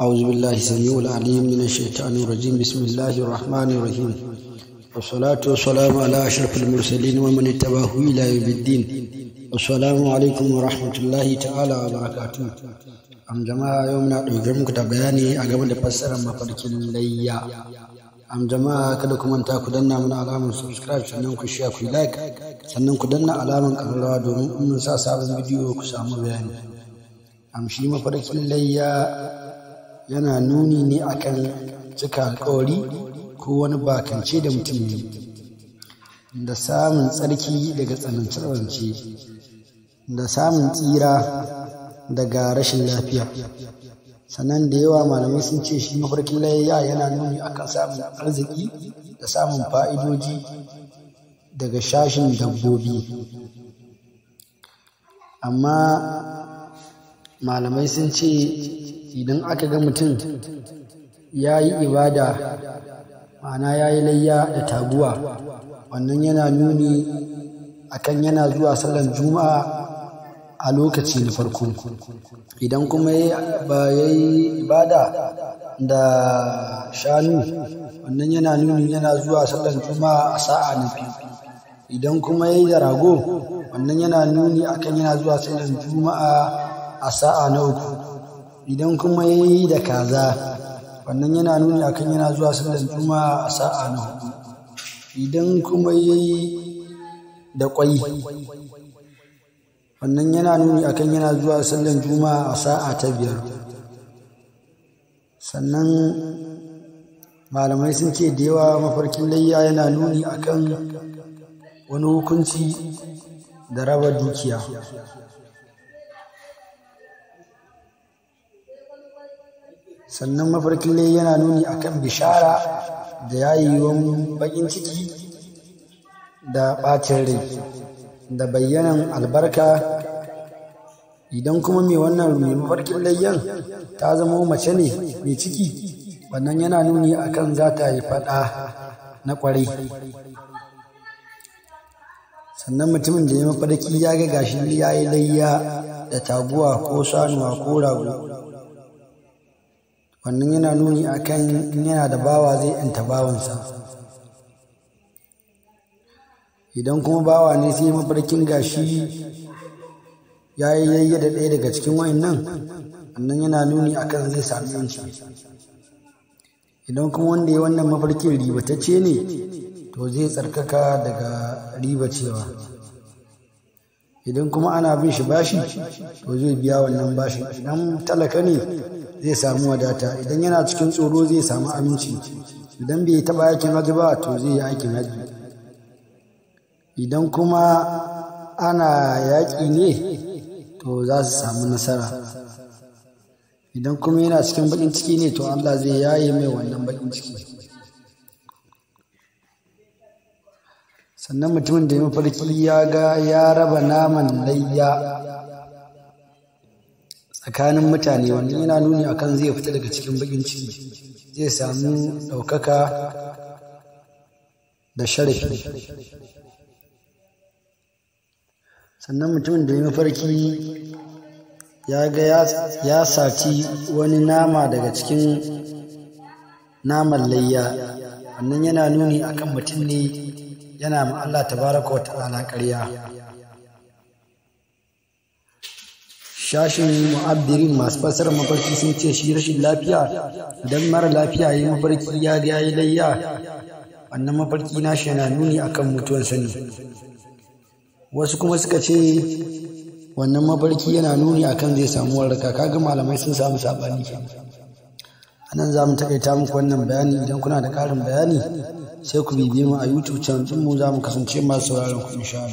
أعوذ بالله السميع العليم من الشيطان الرجيم بسم الله الرحمن الرحيم والصلاة والسلام على أشرف المرسلين ومن اتبعه إلى يوم الدين السلام عليكم ورحمة الله تعالى وبركاته أم جماعة يومنا دوجم كتابياني أقبل فسر مفركين ليا am jama'a kada ku manta ku danna mana alamar subscribe sannan ku share ku like sannan ku danna alamar ƙararrawa domin in mun sa sabon bidiyo ku samu bayani am shi mafarkin layya yana nuni ne akan cika alkawari ko wani bakance da mutum ne da samun tsarki daga tsanance-tsanance da samun tsira daga rashin lafiya sannan da yawa malamai sun ce shi mafarkin layayya yana nuni akan samun arziki da samun fa'idoji daga shashin dabbobi amma malamai sun ce idan aka ga mutum ya yi ibada ma'ana ya yi layya da taguwa wannan yana nuni akan yana zuwa sallar juma'a a lokaci na farko idan kuma ba ya yi ibada da shanu wannan yana nuni yana zuwa sallar juma'a a sa'a na biyu idan kuma ya yi da rago wannan yana nuni akan yana zuwa sallar juma'a a sa'a na uku idan kuma ya yi da kaza wannan yana nuni akan yana zuwa sallar juma'a a sa'a na hudu idan kuma ya yi da kwai wannan yana nuni akan yana zuwa sallar juma'a a sa'a ta biyar sannan malamai sun ce da yawa mafarkin layya yana nuni akan wani hukunci da raba dukiya sannan mafarkin lai yana nuni akan bishara da ya yi wa bakin ciki da ɓacin rai da bayyanan albarka idan kuma mai wannan mai mafarkin layyan ta zama mace ne mai ciki wannan yana nuni akan za ta yi faɗa na ƙwarai sannan mutumin da ya mafarki ya ga gashi ya yi layya da taguwa ko sanuwa ko rago wannan yana nuni akan kan yana da bawa zai yanta bawansa idan kuma bawa ne sai mafarkin gashi ya yi yayye da ɗaya daga cikin wa'annan wannan yana nuni akan zai sami yanci idan kuma wanda ya wannan mafarkin ribatacce ne to zai tsarkaka daga ribacewa idan kuma ana bin shi bashi to zai biya wannan bashin idan talaka ne zai samu wadata idan yana cikin tsoro zai samu aminci idan bai taɓa aikin hajji ba to zai yi aikin hajji idan kuma ana yaƙi ne to za su samu nasara idan kuma yana cikin baƙin ciki ne to allah zai yaye mai wannan baƙin ciki sannan mutumin da ya mafarki ya ga ya raba naman layya tsakanin mutane wannan yana nuni akan zai fita daga cikin bakin ciki zai samu ɗaukaka da sharafi sannan mutumin da ya mafarki ya ga ya saci wani nama daga cikin naman layya wannan yana nuni akan mutum ne yana ma Allah tabaraka wa ta'ala ƙarya shashin mu'abbirin masu fasar mafarki sun ce shi rashin lafiya idan mara lafiya ya mafarki ya ga yi layya wannan mafarki nashi yana nuni akan mutuwan sani wasu kuma suka ce wannan mafarki yana nuni akan zai samu kaka kaga malamai sun samu sabani a nan za mu taƙaita muku wannan bayani idan kuna da ƙarin bayani sai ku bibiye mu a youtube channel mu za mu kasance masu sauraron ku insha